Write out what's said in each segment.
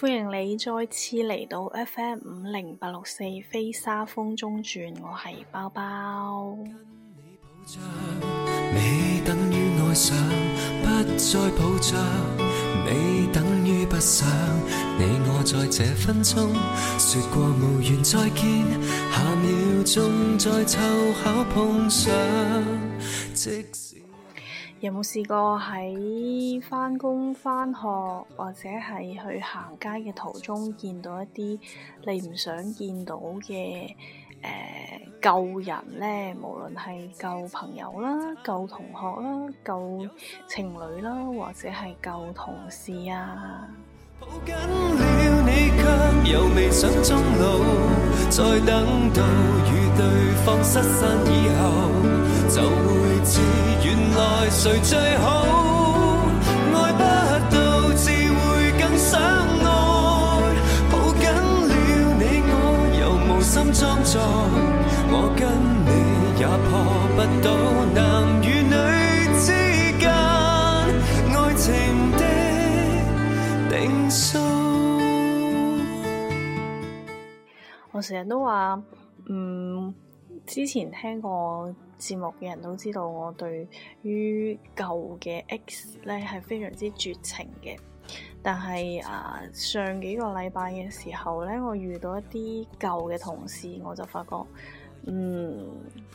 歡迎你再次嚟到 FM 五零八六四《飛沙風中轉》，我係包包。跟你抱擁未等於愛上，不再抱擁未等於不上你，我在這分鐘說過無緣再見，下秒鐘再湊巧碰上即使。有冇試過喺返工、返學或者係去行街嘅途中見到一啲你唔想見到嘅誒舊人咧？無論係舊朋友啦、舊同學啦、舊情侶啦，或者係舊同事啊！抱緊了你卻又未想終老，再等到與對方失散以後就會知誰最好？愛不到，只會更想愛抱緊了你我，我又無心裝載，我我跟你，也破不到。男與女之間愛情的定數。我成日都話，嗯。之前聽過節目嘅人都知道我對於舊嘅 X 呢係非常之絕情嘅，但係啊、呃、上幾個禮拜嘅時候呢，我遇到一啲舊嘅同事，我就發覺，嗯，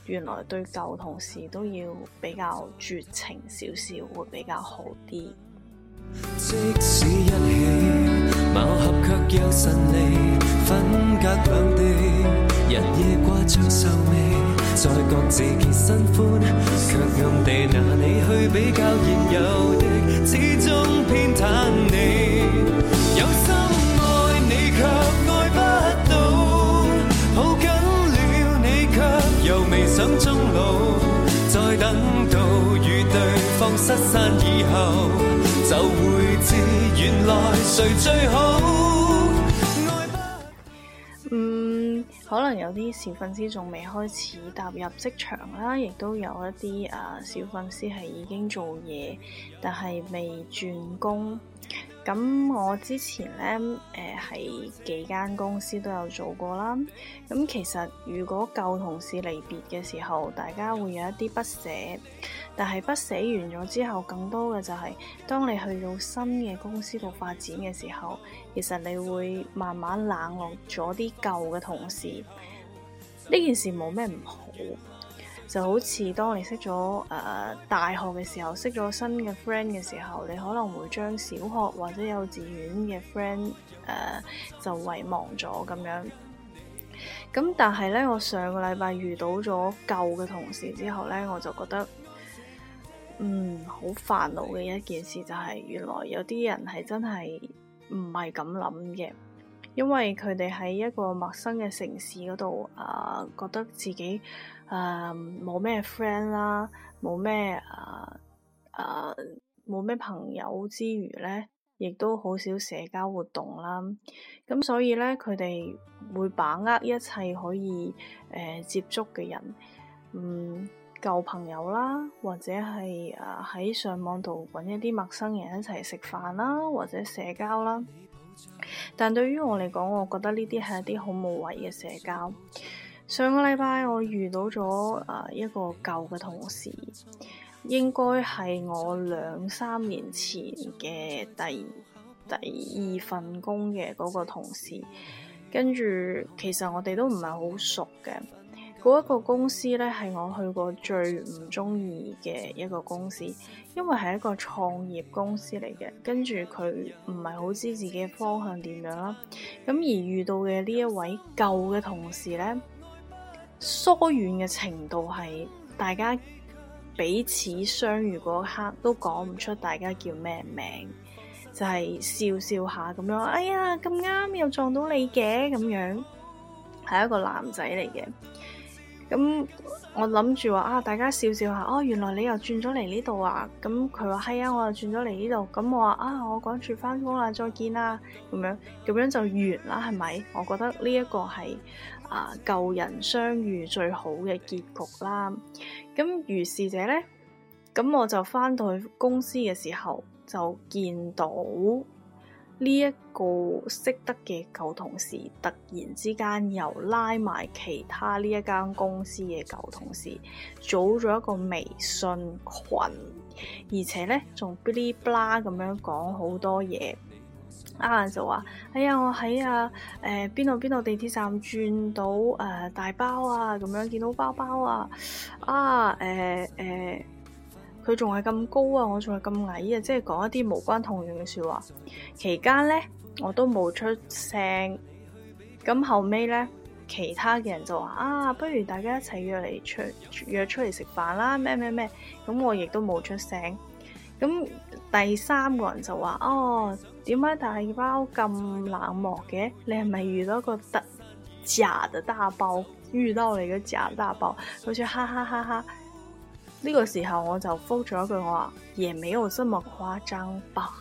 原來對舊同事都要比較絕情少少，會比較好啲。即使一起貌合卻有神離，分隔兩地日夜掛着愁眉，在各自結新歡，卻暗地拿你去比較現有的，始終偏袒你。有心愛你卻愛不到，抱緊了你卻又未想終老，再等到與對方失散以後，就會知原來誰最好。可能有啲小粉絲仲未開始踏入職場啦，亦都有一啲啊小粉絲係已經做嘢，但係未轉工。咁我之前呢，誒、呃、喺幾間公司都有做過啦。咁其實如果舊同事離別嘅時候，大家會有一啲不捨，但係不捨完咗之後，更多嘅就係、是、當你去到新嘅公司度發展嘅時候，其實你會慢慢冷落咗啲舊嘅同事。呢件事冇咩唔好。就好似當你識咗誒、呃、大學嘅時候，識咗新嘅 friend 嘅時候，你可能會將小學或者幼稚園嘅 friend 誒就遺忘咗咁樣。咁但係呢，我上個禮拜遇到咗舊嘅同事之後呢，我就覺得嗯，好煩惱嘅一件事就係原來有啲人係真係唔係咁諗嘅，因為佢哋喺一個陌生嘅城市嗰度啊，覺得自己。誒冇咩 friend 啦，冇咩誒誒冇咩朋友之餘咧，亦都好少社交活動啦。咁、嗯、所以咧，佢哋會把握一切可以誒、呃、接觸嘅人，嗯，舊朋友啦，或者係誒喺上網度揾一啲陌生人一齊食飯啦，或者社交啦。但對於我嚟講，我覺得呢啲係一啲好無謂嘅社交。上個禮拜我遇到咗啊一個舊嘅同事，應該係我兩三年前嘅第二第二份工嘅嗰個同事。跟住其實我哋都唔係好熟嘅嗰一個公司咧，係我去過最唔中意嘅一個公司，因為係一個創業公司嚟嘅。跟住佢唔係好知自己方向點樣啦。咁而遇到嘅呢一位舊嘅同事咧。疏遠嘅程度係大家彼此相遇嗰刻，都講唔出大家叫咩名，就係笑笑下咁樣。哎呀，咁啱又撞到你嘅咁樣，係一個男仔嚟嘅。咁我諗住話啊，大家笑笑下哦，原來你又轉咗嚟呢度啊。咁佢話係啊，我又轉咗嚟呢度。咁我話啊，我趕住翻工啦，再見啦，咁樣咁樣就完啦，係咪？我覺得呢一個係啊，舊人相遇最好嘅結局啦。咁於是者咧，咁我就翻到去公司嘅時候就見到。呢一個識得嘅舊同事，突然之間又拉埋其他呢一間公司嘅舊同事，組咗一個微信群，而且呢，仲噼里啪啦咁樣講好多嘢。啱、啊、啱就話：哎呀，我喺啊誒邊度邊度地鐵站轉到誒、呃、大包啊，咁樣見到包包啊啊誒誒。呃呃呃佢仲係咁高啊，我仲係咁矮啊，即係講一啲無關痛癢嘅説話。期間咧，我都冇出聲。咁後尾咧，其他嘅人就話：啊，不如大家一齊約嚟出約出嚟食飯啦！咩咩咩，咁我亦都冇出聲。咁第三個人就話：哦、啊，點解大包咁冷漠嘅？你係咪遇到一個特假嘅大包？遇到你一個假大包，我笑哈哈哈！呢個時候我就覆咗一句話，也沒有這麼誇張吧，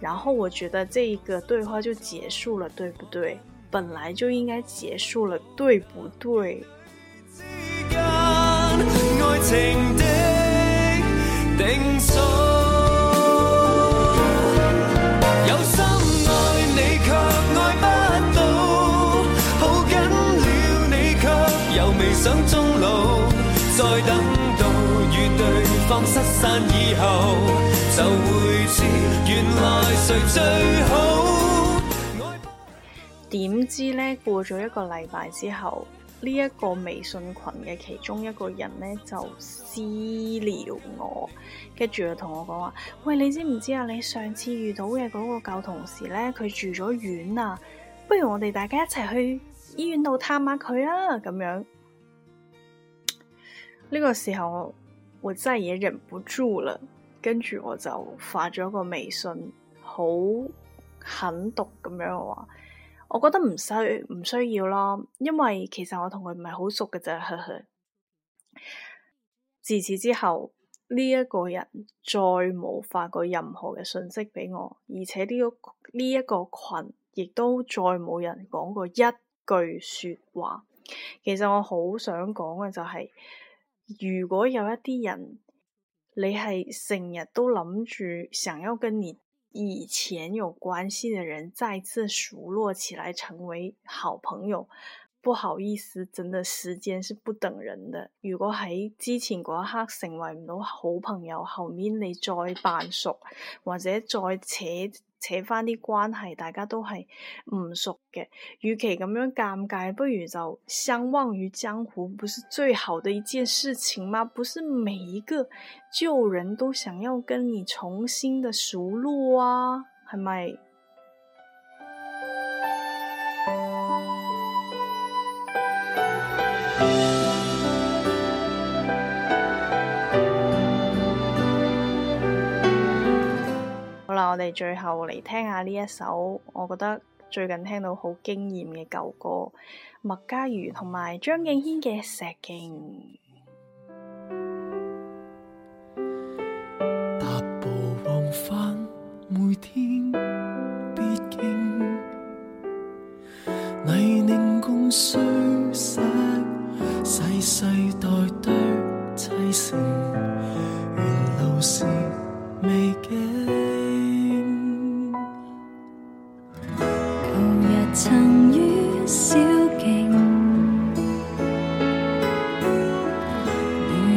然後我覺得這一個對話就結束了，對不對？本來就應該結束了，對不對？ 失散以後就會知原來誰最好。點 知呢？過咗一個禮拜之後，呢、這、一個微信群嘅其中一個人呢，就私聊我，跟住就同我講話：，喂，你知唔知啊？你上次遇到嘅嗰個舊同事呢，佢住咗院啊！不如我哋大家一齊去醫院度探下佢啊！咁樣呢、這個時候。我真係忍不住了，跟住我就發咗個微信，好狠毒咁樣嘅話，我覺得唔需唔需要咯，因為其實我同佢唔係好熟嘅啫。 自此之後，呢、這、一個人再冇發過任何嘅信息俾我，而且呢、這個呢一、這個群亦都再冇人講過一句說話。其實我好想講嘅就係、是。如果有一啲人，你係成日都諗住想要跟你以前有關係嘅人再次熟絡起來，成為好朋友，不好意思，真的時間是不等人的。如果喺之前 𠮶 一刻成為唔到好朋友，後面你再扮熟或者再扯。扯翻啲關係，大家都係唔熟嘅。與其咁樣尷尬，不如就相忘於江湖，不是最好的一件事情嗎？不是每一個舊人都想要跟你重新嘅熟絡啊，係咪？最後嚟聽下呢一首，我覺得最近聽到好驚艷嘅舊歌，麥家瑜同埋張敬軒嘅《石徑》 踏步往返，每天必經，泥濘共碎石，世世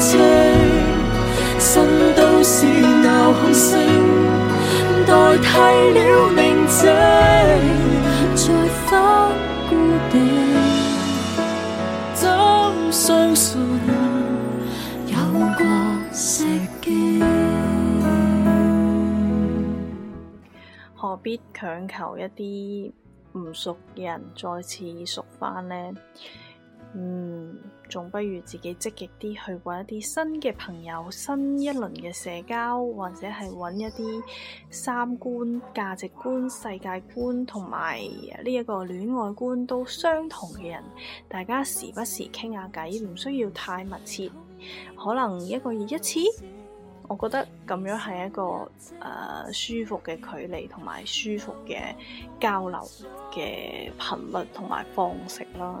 情，新都市鬧哄聲，代替了寧靜，再返故地，怎相信有過石徑？何必強求一啲唔熟嘅人再次熟返呢？嗯，仲不如自己積極啲去搵一啲新嘅朋友，新一輪嘅社交，或者係搵一啲三觀、價值觀、世界觀同埋呢一個戀愛觀都相同嘅人，大家時不時傾下偈，唔需要太密切，可能一個月一次，我覺得咁樣係一個誒、呃、舒服嘅距離同埋舒服嘅交流嘅頻率同埋方式啦。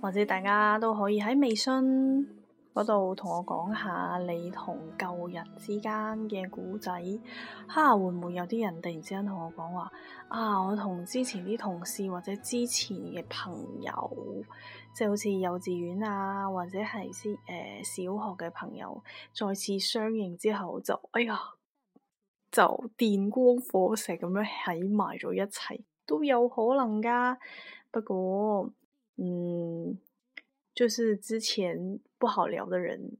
或者大家都可以喺微信。嗰度同我講下你同舊人之間嘅古仔，哈，會唔會有啲人突然之間同我講話啊？我同之前啲同事或者之前嘅朋友，即係好似幼稚園啊，或者係先誒小學嘅朋友，再次相認之後就哎呀，就電光火石咁樣喺埋咗一齊都有可能㗎。不過嗯。就是之前不好聊的人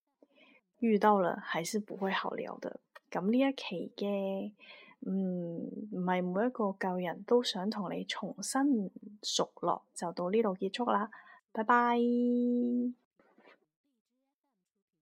遇到了，還是不會好聊的。咁呢一期嘅。嗯，唔係每一個舊人都想同你重新熟絡，就到呢度結束啦。拜拜。